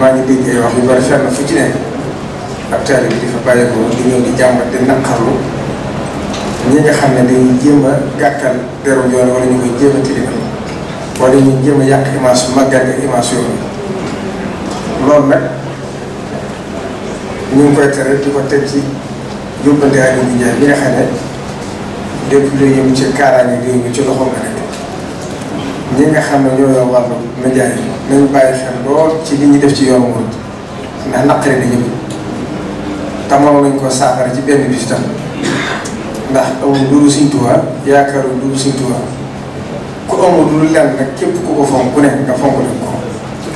maa ngi dégg ay wax yu bari fenn fu ci ak taalibe bi di fa bàyyeekoo di ñëw di jàmbat di naqarlu ñi nga xam ne dañuy jéem a gàkkal deru yoon wala ñu koy jéem a tilimal wala ñu jéem a yàq image màggal ak image yoon loolu nag ñu ngi koy tere di ko teg ci yóbbante ay nit ñi nga xam ne lépp luy yëm ci kaaraange réew mi ci loxoom la nekk ñi nga xam ne ñoo yor wàllu média yi nañ bàyyi xel lool ci li ñu def ci yoonu wut ndax naqari na ñëpp tamoon nañ ko saafara ci benn bis tam ndax amul duru suñ tuwa yaakaaru duru suñ tuwa ku amul duru lenn nag képp ku ko fonk ku ne nga fonk leen ko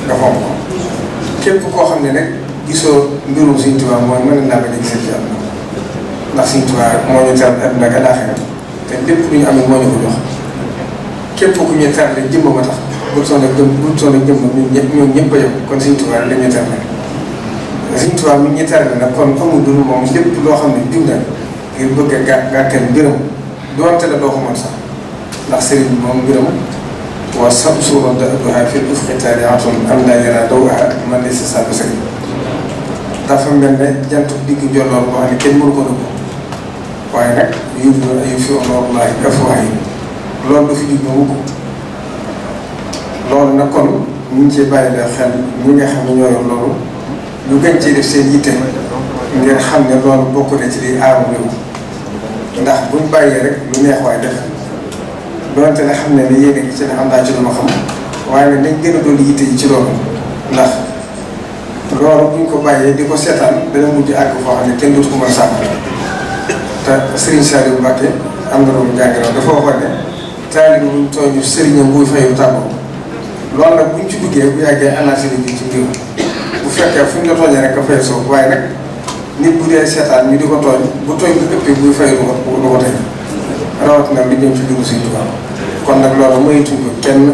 nga fonk ko képp koo xam ne nag gisoo mbirum suñ tuwa mooy mën naa bañ gisal ci àdduna ndax suñ tuwa moo ñu teral àdduna ak alaaxira te lépp lu ñu amee moo ñu ko jox képp ku ñu tànn rek jëmm ma tax bu sonn ak jëm bu sonn ak jëmm ñun ñëpp ñoom ñëpp a yem kon Sëriñ Tuubaa la ñuy tànn mi ñuy tànn nag kon xamul dul moom lépp loo xam ne jumla ngir bëgg a gà gàttal mbiram la doo ko mën sax ndax sëriñ bi moom mbiram waa Samsu Roda Abouha fil ufqi taaliatun am laa yaraa dawaha man laysa saa dafa mel ne jantu digg njolloor ko dugg waaye nag yóbbu na ay fi wàllu wàllu ay loolu du fi jug ba mukk loolu nag kon ñu ngi cee bàyyi la xel ñi nga xam ne ñoo yor loolu ñu gën ci def seen yitte ngeen xam ne loolu bokk na ci liy aaru réew ndax buñ bàyyee rek lu neex waaye def doonte ne xam ne ne yéen a ngi ci ne waaye nag dañ gën a ci loolu ndax loolu buñ ko bàyyee di ko seetaan dana mujj àgg foo xam ne kenn dootu ko mën a sàmm te Serigne Saliou Mbacké am na loolu jàngale dafa waxoon ne ñu tooñ sëriñam buy fayu tàggoo loolu nag buñ ci duggee bu yàggee alaasi la ñu ci mbir bu fekkee fu ñu la tooñee rek a fay soof waaye nag nit bu dee seetaan ñu di ko tooñ bu tooñ bu ëppee buy fay lu ko lu ko tey rawatina ci mbiru Sëriñ kon nag loolu mooy tuñ ko kenn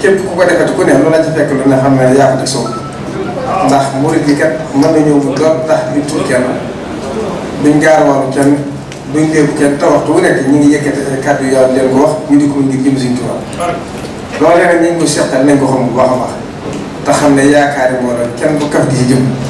képp ko defati ku ne lu la ci fekk lu ne xam ne yaa ko teg soow ndax murid yi kat mën nañoo mu doon ndax li tuur kenn duñ gaar waru kenn buñ dégg kenn te waxtu bu nekk ñu ngi yëkkati ay kàddu leen ko wax ñu di ko ngir jëm Sëriñ Tuubaa loolu nag ñu ngi ko seqal nañ ko xam bu baax a baax te xam ne yaakaari moo doon kenn bu kaf gi si